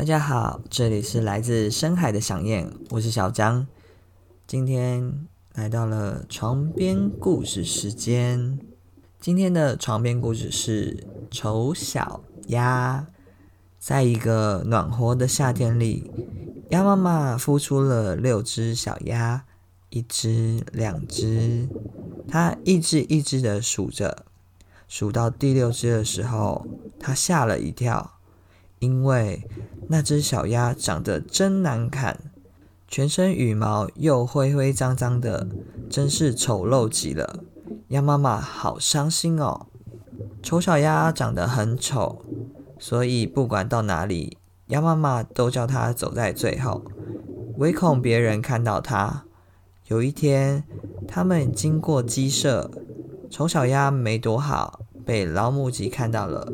大家好，這裡是來自深海的想念，我是小張，今天來到了床邊故事時間。今天的床邊故事是《醜小鴨》。在一個暖和的夏天裡，鴨媽媽孵出了六隻小鴨，一隻、兩隻，它一隻一隻的數着，數到第六隻的時候，它嚇了一跳。因為那隻小鴨長得真難看，全身羽毛又灰灰髒髒的，真是醜陋極了。鴨媽媽好傷心哦。醜小鴨長得很醜，所以不管到哪裡，鴨媽媽都叫它走在最後，唯恐別人看到它。有一天，它們經過雞舍，醜小鴨沒躲好，被老母雞看到了。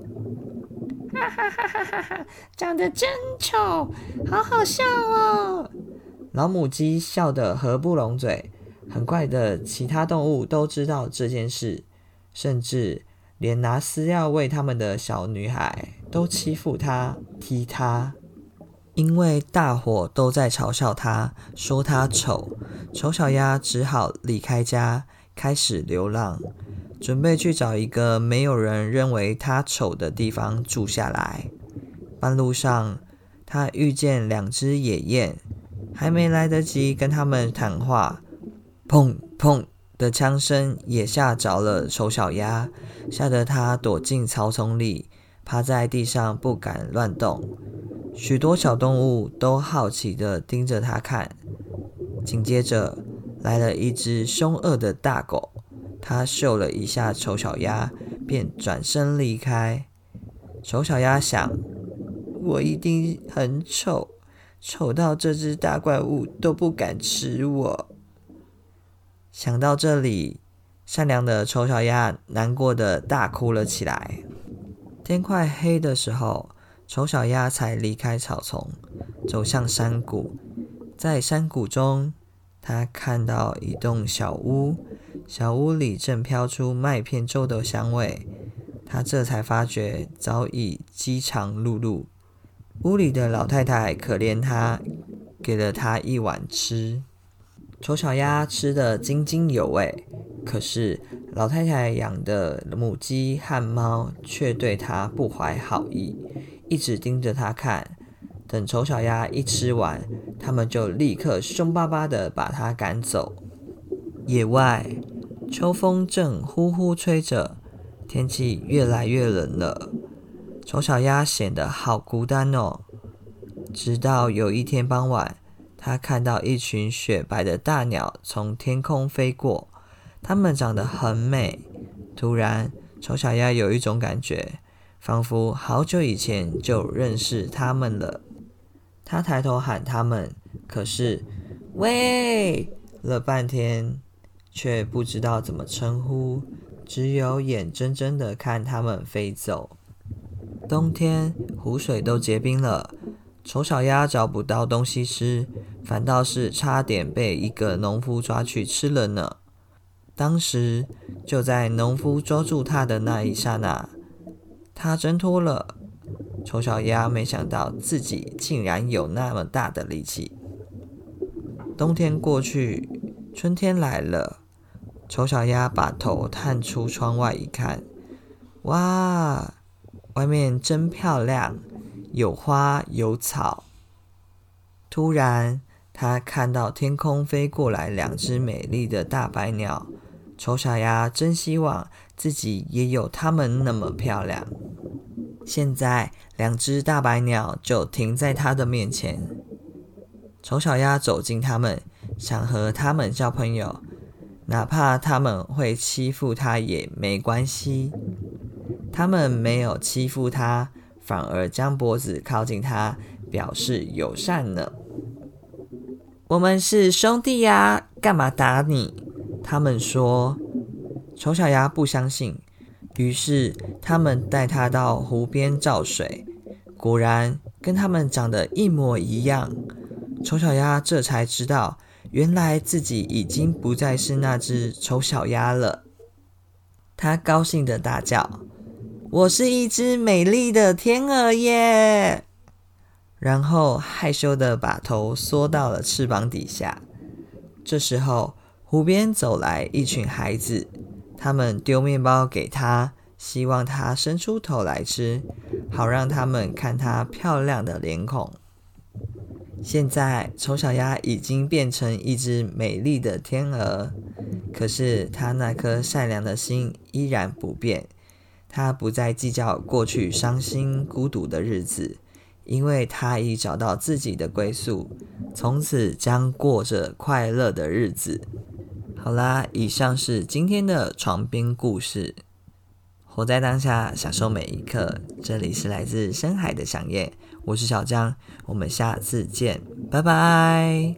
長得真醜，好好笑哦！老母雞笑得合不攏嘴。很快的，其他動物都知道這件事，甚至連拿飼料餵它們的小女孩都欺負她、踢她，因為大夥都在嘲笑她，說她醜。醜小鴨只好離開家，開始流浪。準備去找一個沒有人認為他醜的地方住下來。半路上，他遇見兩隻野雁，還沒來得及跟他們談話，砰砰的槍聲也嚇着了醜小鴨，嚇得他躲進草叢裡，趴在地上不敢亂動。許多小動物都好奇地盯着他看，緊接着來了一隻兇惡的大狗。他嗅了一下醜小鴨，便轉身離開。醜小鴨想：“我一定很醜，醜到這隻大怪物都不敢吃我。”想到這裡，善良的醜小鴨難過地大哭了起來。天快黑的時候，醜小鴨才離開草叢，走向山谷。在山谷中，他看到一棟小屋。小屋裡正飄出麥片粥的香味，他這才發覺早已飢腸轆轆。屋裡的老太太可憐他，給了他一碗吃。醜小鴨吃得津津有味，可是老太太養的母雞和貓卻對他不懷好意，一直盯着他看。等醜小鴨一吃完，他們就立刻兇巴巴的把他趕走。野外。秋風正呼呼吹着，天氣越來越冷了。醜小鴨顯得好孤單哦。直到有一天傍晚，它看到一群雪白的大鳥從天空飛過，它們長得很美。突然，醜小鴨有一種感覺，仿佛好久以前就認識它們了。它抬頭喊它們，可是喂了半天。卻不知道怎麼稱呼，只有眼睜睜地看它們飛走。冬天湖水都結冰了，醜小鴨找不到東西吃，反倒是差點被一個農夫抓去吃了呢。當時就在農夫抓住它的那一剎那，它掙脫了。醜小鴨沒想到自己竟然有那麼大的力氣。冬天過去，春天來了。醜小鴨把頭探出窗外一看，哇，外面真漂亮，有花有草。突然，它看到天空飛過來兩隻美麗的大白鳥。醜小鴨真希望自己也有它們那麼漂亮。現在，兩隻大白鳥就停在它的面前。醜小鴨走近它們，想和它們交朋友。哪怕他們會欺負他也沒關係，他們沒有欺負他，反而將脖子靠近他，表示友善呢。我們是兄弟呀、啊，幹嘛打你？他們說。醜小鴨不相信，於是他們帶他到湖邊照水，果然跟他們長得一模一樣。醜小鴨這才知道。原來自己已經不再是那只醜小鴨了，它高興地大叫：“我是一只美麗的天鵝耶！”然後害羞地把頭縮到了翅膀底下。這時候，湖邊走來一群孩子，他們丟面包給他，希望他伸出頭來吃，好讓他們看他漂亮的臉孔。現在，醜小鴨已經變成一隻美麗的天鵝，可是它那顆善良的心依然不變。它不再計較過去傷心孤獨的日子，因為它已找到自己的歸宿，從此將過着快樂的日子。好啦，以上是今天的床邊故事。活在當下，享受每一刻。這裡是來自深海的想念，我是小江，我們下次見，拜拜。